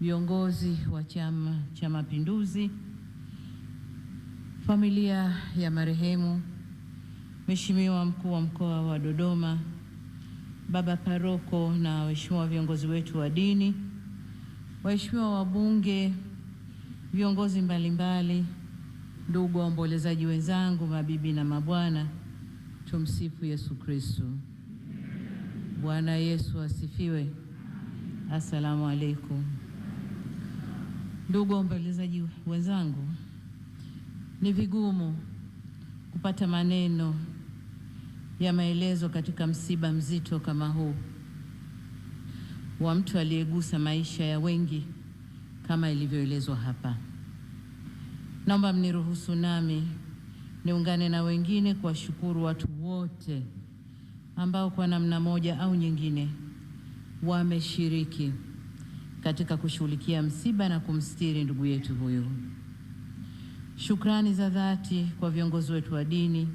viongozi wa Chama cha Mapinduzi, familia ya marehemu, Mheshimiwa mkuu wa mkoa wa Dodoma, baba paroko na waheshimiwa viongozi wetu wa dini, waheshimiwa wabunge, viongozi mbalimbali, ndugu waombolezaji wenzangu, mabibi na mabwana, tumsifu Yesu Kristo. Bwana Yesu asifiwe. Asalamu alaykum. Ndugu waombolezaji wenzangu, ni vigumu kupata maneno ya maelezo katika msiba mzito kama huu wa mtu aliyegusa maisha ya wengi kama ilivyoelezwa hapa. Naomba mniruhusu nami niungane na wengine kuwashukuru watu wote ambao kwa namna moja au nyingine wameshiriki katika kushughulikia msiba na kumstiri ndugu yetu huyo. Shukrani za dhati kwa viongozi wetu wa dini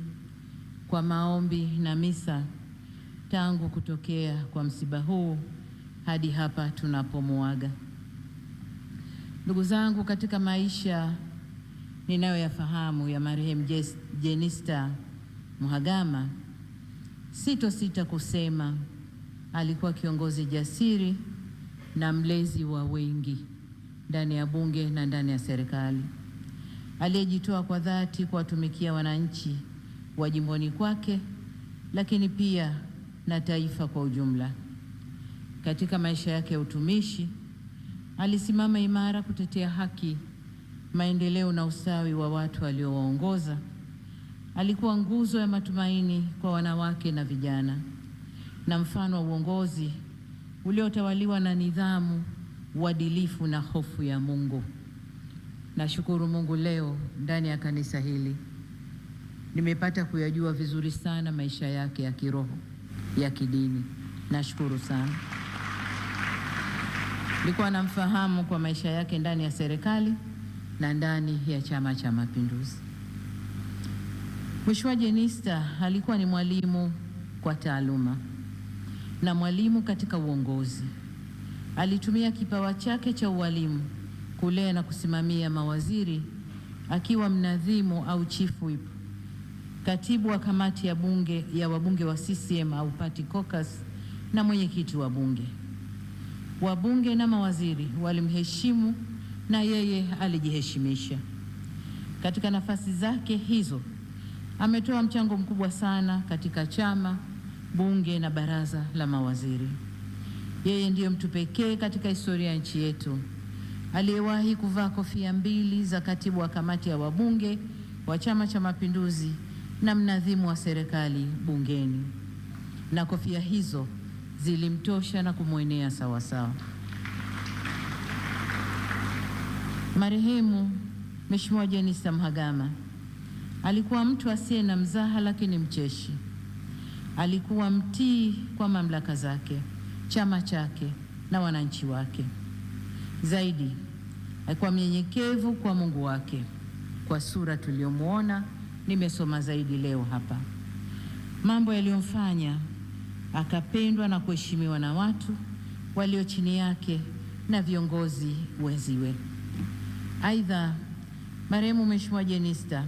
kwa maombi na misa tangu kutokea kwa msiba huu hadi hapa tunapomuaga. Ndugu zangu, katika maisha ninayoyafahamu ya marehemu Jenista Mhagama, sitosita kusema alikuwa kiongozi jasiri na mlezi wa wengi ndani ya bunge na ndani ya serikali, aliyejitoa kwa dhati kuwatumikia wananchi wa jimboni kwake, lakini pia na taifa kwa ujumla. Katika maisha yake ya utumishi, alisimama imara kutetea haki, maendeleo na ustawi wa watu aliowaongoza. Alikuwa nguzo ya matumaini kwa wanawake na vijana na mfano wa uongozi uliotawaliwa na nidhamu, uadilifu na hofu ya Mungu. Nashukuru Mungu leo ndani ya kanisa hili nimepata kuyajua vizuri sana maisha yake ya kiroho, ya kidini. Nashukuru sana. Nilikuwa namfahamu kwa maisha yake ndani ya serikali na ndani ya Chama cha Mapinduzi. Mheshimiwa Jenista alikuwa ni mwalimu kwa taaluma na mwalimu katika uongozi. Alitumia kipawa chake cha ualimu kulea na kusimamia mawaziri akiwa mnadhimu au chief whip, katibu wa kamati ya bunge ya wabunge wa CCM au party caucus na mwenyekiti wa bunge. Wabunge na mawaziri walimheshimu na yeye alijiheshimisha. Katika nafasi zake hizo ametoa mchango mkubwa sana katika chama bunge na baraza la mawaziri. Yeye ndiyo mtu pekee katika historia ya nchi yetu aliyewahi kuvaa kofia mbili za katibu wa kamati ya wabunge wa Chama cha Mapinduzi na mnadhimu wa serikali bungeni, na kofia hizo zilimtosha na kumwenea sawasawa. Marehemu Mheshimiwa Jenista Mhagama alikuwa mtu asiye na mzaha, lakini mcheshi. Alikuwa mtii kwa mamlaka zake, chama chake na wananchi wake. Zaidi alikuwa mnyenyekevu kwa Mungu wake. Kwa sura tuliyomwona, nimesoma zaidi leo hapa mambo yaliyomfanya akapendwa na kuheshimiwa na watu walio chini yake na viongozi wenziwe. Aidha, marehemu Mheshimiwa Jenista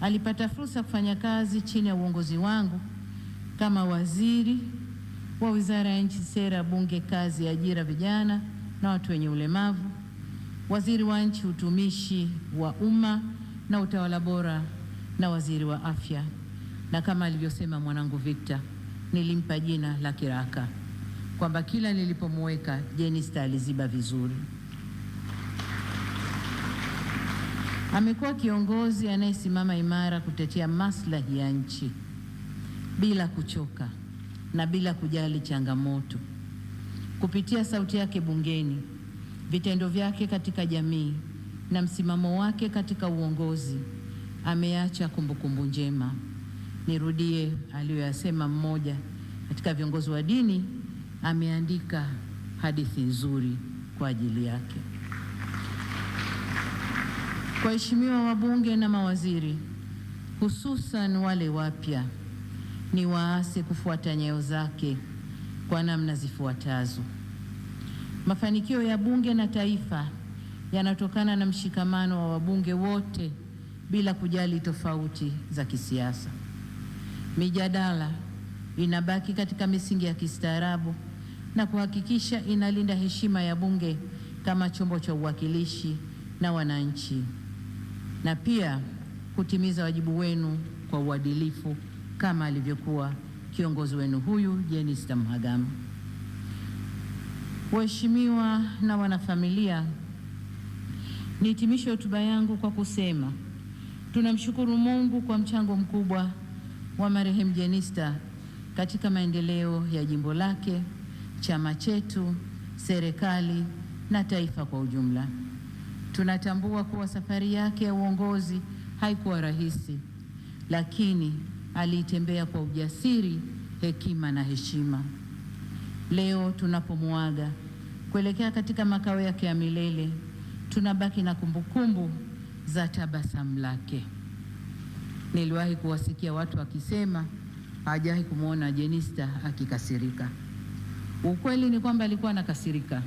alipata fursa kufanya kazi chini ya uongozi wangu kama waziri wa Wizara ya Nchi, Sera, Bunge, Kazi, Ajira, Vijana na Watu wenye Ulemavu, waziri wa Nchi, Utumishi wa Umma na Utawala Bora na waziri wa Afya. Na kama alivyosema mwanangu Victor, nilimpa jina la kiraka kwamba kila nilipomweka Jenista aliziba vizuri. Amekuwa kiongozi anayesimama imara kutetea maslahi ya nchi bila kuchoka na bila kujali changamoto. Kupitia sauti yake bungeni, vitendo vyake katika jamii na msimamo wake katika uongozi, ameacha kumbukumbu njema. Nirudie aliyoyasema mmoja katika viongozi wa dini, ameandika hadithi nzuri kwa ajili yake. Waheshimiwa wabunge na mawaziri, hususan wale wapya ni waase kufuata nyayo zake kwa namna zifuatazo. Mafanikio ya bunge na taifa yanatokana na mshikamano wa wabunge wote bila kujali tofauti za kisiasa. Mijadala inabaki katika misingi ya kistaarabu na kuhakikisha inalinda heshima ya bunge kama chombo cha uwakilishi na wananchi, na pia kutimiza wajibu wenu kwa uadilifu kama alivyokuwa kiongozi wenu huyu Jenista Mhagama. Waheshimiwa na wanafamilia, nihitimishe hotuba yangu kwa kusema tunamshukuru Mungu kwa mchango mkubwa wa marehemu Jenista katika maendeleo ya jimbo lake, chama chetu, serikali na taifa kwa ujumla. Tunatambua kuwa safari yake ya uongozi haikuwa rahisi, lakini aliitembea kwa ujasiri, hekima na heshima. Leo tunapomwaga kuelekea katika makao yake ya milele, tunabaki na kumbukumbu za tabasamu lake. Niliwahi kuwasikia watu wakisema hajawahi kumwona Jenista akikasirika. Ukweli ni kwamba alikuwa anakasirika,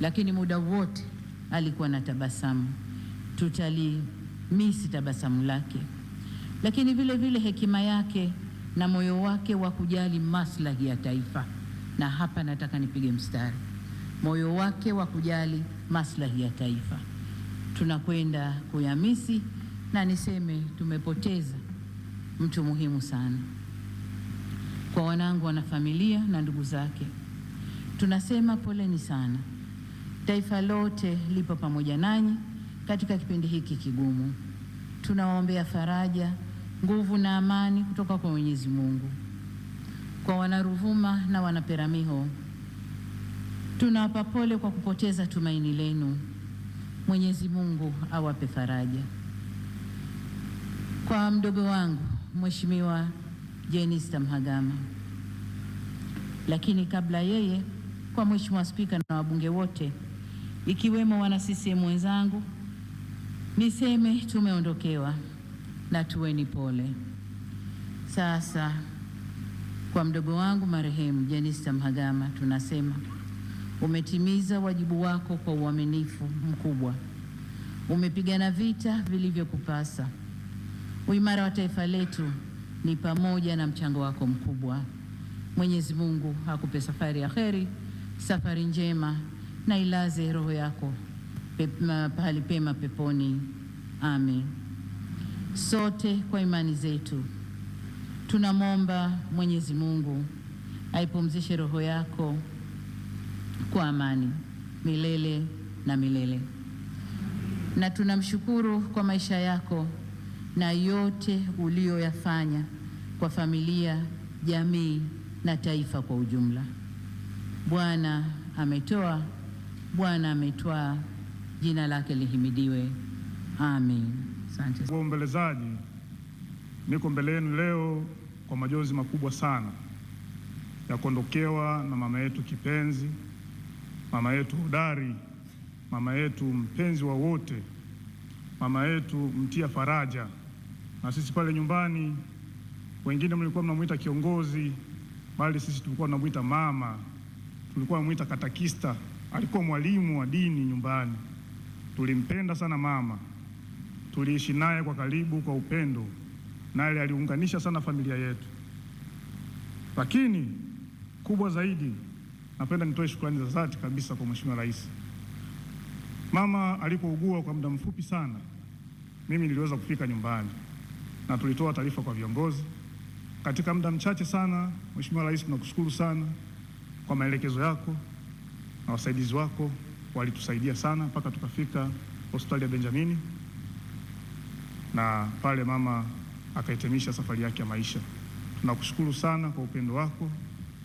lakini muda wote alikuwa na tabasamu. Tutalimisi tabasamu lake lakini vile vile hekima yake na moyo wake wa kujali maslahi ya taifa. Na hapa nataka nipige mstari, moyo wake wa kujali maslahi ya taifa tunakwenda kuyamisi, na niseme tumepoteza mtu muhimu sana kwa wanangu, wanafamilia na ndugu zake. Tunasema poleni sana, taifa lote lipo pamoja nanyi katika kipindi hiki kigumu. Tunawaombea faraja nguvu na amani kutoka kwa Mwenyezi Mungu. Kwa Wanaruvuma na Wanaperamiho, tunawapa pole kwa kupoteza tumaini lenu. Mwenyezi Mungu awape faraja. Kwa mdogo wangu Mheshimiwa Jenista Mhagama, lakini kabla yeye, kwa Mheshimiwa Spika na wabunge wote ikiwemo wana CCM wenzangu, niseme tumeondokewa na tuweni pole. Sasa kwa mdogo wangu marehemu Jenista Mhagama tunasema umetimiza wajibu wako kwa uaminifu mkubwa, umepigana vita vilivyokupasa. Uimara wa taifa letu ni pamoja na mchango wako mkubwa. Mwenyezi Mungu akupe safari ya kheri, safari njema, na ilaze roho yako pahali pema peponi. Amen sote kwa imani zetu. Tunamwomba Mwenyezi Mungu aipumzishe roho yako kwa amani milele na milele, na tunamshukuru kwa maisha yako na yote uliyoyafanya kwa familia, jamii na taifa kwa ujumla. Bwana ametoa, Bwana ametwaa, jina lake lihimidiwe. Amen. Asante. Waombelezaji, niko mbele yenu leo kwa majonzi makubwa sana ya kuondokewa na mama yetu kipenzi, mama yetu hodari, mama yetu mpenzi wa wote, mama yetu mtia faraja. Na sisi pale nyumbani wengine mlikuwa mnamwita kiongozi, bali sisi tulikuwa tunamwita mama, tulikuwa tunamwita katakista. Alikuwa mwalimu wa dini nyumbani, tulimpenda sana mama tuliishi naye kwa karibu, kwa upendo, naye aliunganisha sana familia yetu. Lakini kubwa zaidi, napenda nitoe shukrani za dhati kabisa kwa Mheshimiwa Rais. Mama alipougua kwa muda mfupi sana, mimi niliweza kufika nyumbani na tulitoa taarifa kwa viongozi katika muda mchache sana. Mheshimiwa Rais, tunakushukuru sana kwa maelekezo yako na wasaidizi wako walitusaidia sana mpaka tukafika hospitali ya Benjamini na pale mama akaitimisha safari yake ya maisha. Tunakushukuru sana kwa upendo wako,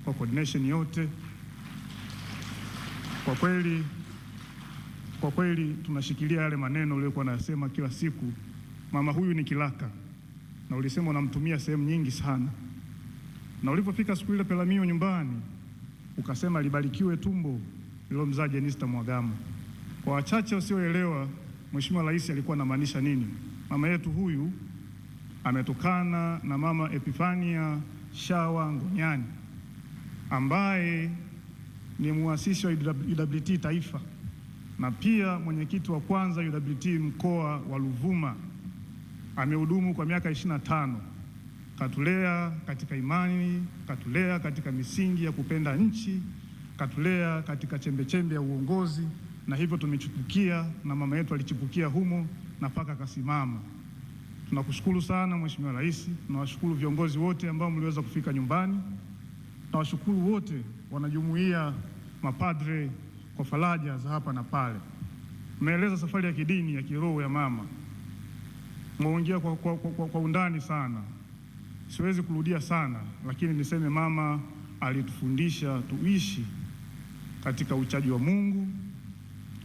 kwa coordination yote. Kwa kweli, kwa kweli tunashikilia yale maneno uliyokuwa unasema kila siku, mama huyu ni kiraka, na ulisema unamtumia sehemu nyingi sana, na ulipofika siku ile Peramiho nyumbani ukasema libarikiwe tumbo lililomzaa Jenista Mhagama. Kwa wachache wasioelewa, Mheshimiwa Rais alikuwa anamaanisha nini? Mama yetu huyu ametokana na mama Epifania Shawa Ngonyani ambaye ni muasisi wa UWT taifa na pia mwenyekiti wa kwanza UWT mkoa wa Ruvuma. Amehudumu kwa miaka 25, tano, katulea katika imani, katulea katika misingi ya kupenda nchi, katulea katika chembechembe ya uongozi, na hivyo tumechipukia na mama yetu alichipukia humo na mpaka akasimama. Tunakushukuru sana Mheshimiwa Rais, tunawashukuru viongozi wote ambao mliweza kufika nyumbani, tunawashukuru wote wanajumuia mapadre kwa faraja za hapa na pale. Mmeeleza safari ya kidini ya kiroho ya mama, mmeongea kwa, kwa, kwa, kwa undani sana. Siwezi kurudia sana, lakini niseme mama alitufundisha tuishi katika uchaji wa Mungu,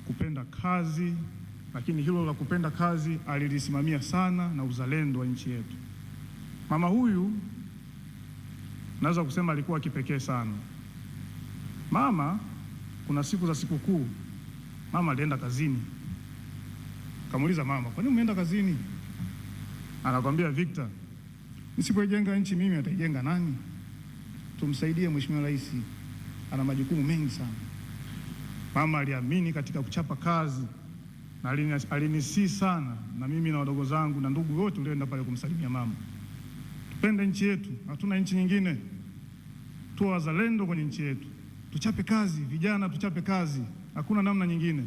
kupenda kazi lakini hilo la kupenda kazi alilisimamia sana na uzalendo wa nchi yetu. Mama huyu naweza kusema alikuwa kipekee sana. Mama, kuna siku za sikukuu, mama alienda kazini. Kamuuliza mama, kwa nini umeenda kazini? Anakwambia Victor, nisipojenga nchi mimi ataijenga nani? Tumsaidie Mheshimiwa Rais, ana majukumu mengi sana. Mama aliamini katika kuchapa kazi na alinisii sana na mimi na wadogo zangu na ndugu wote ulioenda pale kumsalimia mama. Tupende nchi yetu, hatuna nchi nyingine. tuwa wazalendo kwenye nchi yetu, tuchape kazi vijana, tuchape kazi, hakuna namna nyingine.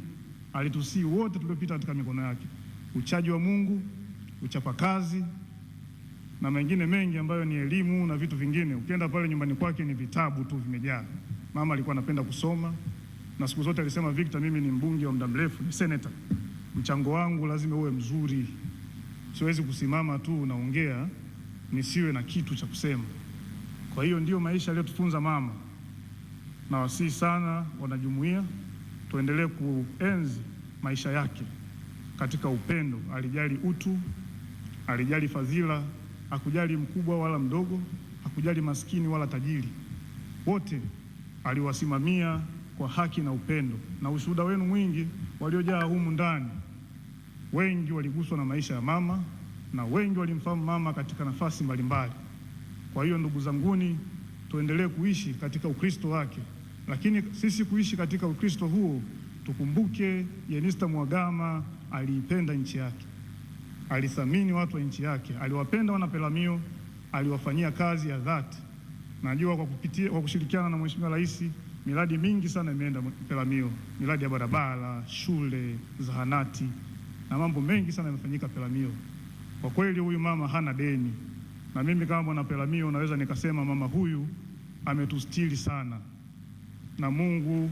Alitusii wote tuliopita katika mikono yake, uchaji wa Mungu, uchapa kazi na mengine mengi ambayo ni elimu na vitu vingine. Ukienda pale nyumbani kwake ni vitabu tu vimejaa. Mama alikuwa anapenda kusoma na siku zote alisema Victor, mimi ni mbunge wa muda mrefu, ni senator, mchango wangu lazima uwe mzuri, siwezi kusimama tu naongea nisiwe na kitu cha kusema. Kwa hiyo ndio maisha aliyotufunza mama, na sana wanajumuia tuendelee kuenzi maisha yake katika upendo. Alijali utu, alijali fadhila, hakujali mkubwa wala mdogo, hakujali maskini wala tajiri, wote aliwasimamia kwa haki na upendo, na ushuhuda wenu mwingi waliojaa humu ndani. Wengi waliguswa na maisha ya mama na wengi walimfahamu mama katika nafasi mbalimbali. Kwa hiyo ndugu zanguni, tuendelee kuishi katika Ukristo wake, lakini sisi kuishi katika Ukristo huo tukumbuke yenista mwagama aliipenda nchi yake, alithamini watu wa nchi yake, aliwapenda wanapelamio, aliwafanyia kazi ya dhati. Najua kwa kupitia, kwa kushirikiana na Mheshimiwa Rais miradi mingi sana imeenda Peramiho, miradi ya barabara, shule, zahanati na mambo mengi sana yamefanyika Peramiho. Kwa kweli huyu mama hana deni, na mimi kama mwana Peramiho naweza nikasema mama huyu ametustiri sana, na Mungu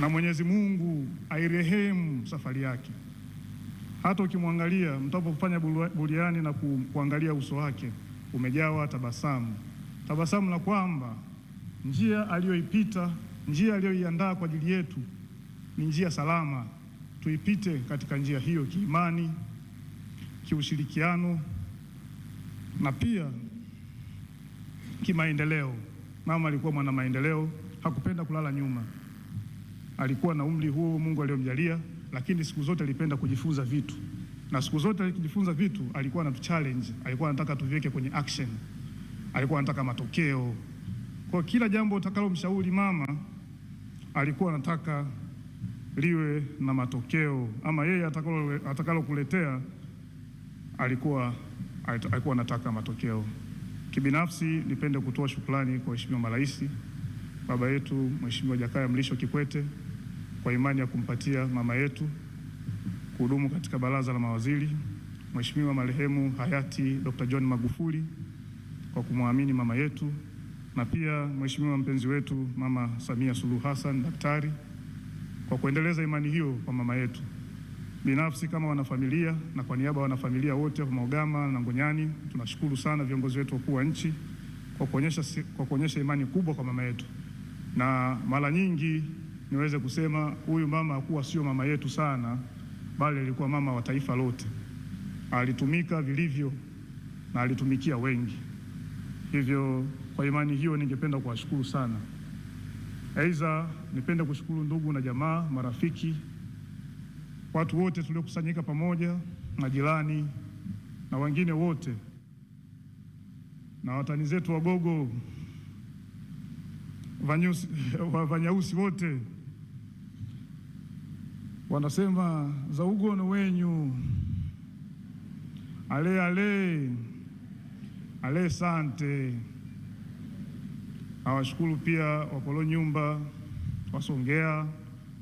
na Mwenyezi Mungu airehemu safari yake. Hata ukimwangalia mtapofanya buriani na kuangalia uso wake umejawa tabasamu, tabasamu la kwamba Njia aliyoipita, njia aliyoiandaa kwa ajili yetu ni njia salama. Tuipite katika njia hiyo kiimani, kiushirikiano na pia kimaendeleo. Mama alikuwa mwana maendeleo, hakupenda kulala nyuma. Alikuwa na umri huo Mungu aliyomjalia, lakini siku zote alipenda kujifunza vitu, na siku zote alijifunza vitu, alikuwa anatu challenge, alikuwa anataka tuviweke kwenye action, alikuwa anataka matokeo. Kwa kila jambo utakalomshauri mama, alikuwa anataka liwe na matokeo, ama yeye atakalokuletea alikuwa alikuwa anataka matokeo. Kibinafsi nipende kutoa shukrani kwa waheshimiwa marais, baba yetu Mheshimiwa Jakaya Mlisho Kikwete kwa imani ya kumpatia mama yetu kuhudumu katika baraza la mawaziri, Mheshimiwa marehemu hayati Dr. John Magufuli kwa kumwamini mama yetu na pia mheshimiwa mpenzi wetu Mama Samia Suluhu Hassan daktari kwa kuendeleza imani hiyo kwa mama yetu. Binafsi kama wanafamilia na kwa niaba ya wanafamilia wote wa Mhagama na Ngonyani tunashukuru sana viongozi wetu wakuu wa nchi kwa kuonyesha, kwa kuonyesha imani kubwa kwa mama yetu, na mara nyingi niweze kusema huyu mama hakuwa sio mama yetu sana, bali alikuwa mama wa taifa lote. Alitumika vilivyo na alitumikia wengi, hivyo kwa imani hiyo, ningependa kuwashukuru sana. Aidha, nipende kushukuru ndugu na jamaa, marafiki, watu wote tuliokusanyika pamoja, majirani na wengine wote na watani zetu Wagogo Vanyusi, Wavanyausi wote wanasema za ugono wenyu ale ale ale, sante. Nawashukuru pia nyumba Wasongea,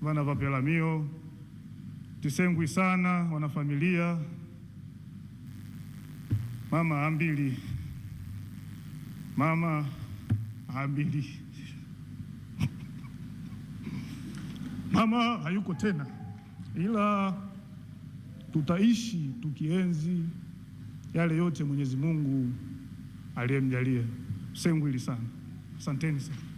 vana vapelamio Pelamio, tisengwi sana wanafamilia, mama ambili, mama ambili, mama hayuko tena, ila tutaishi tukienzi yale yote Mwenyezi Mungu aliyemjalia. Sengwili sana. Asanteni sana.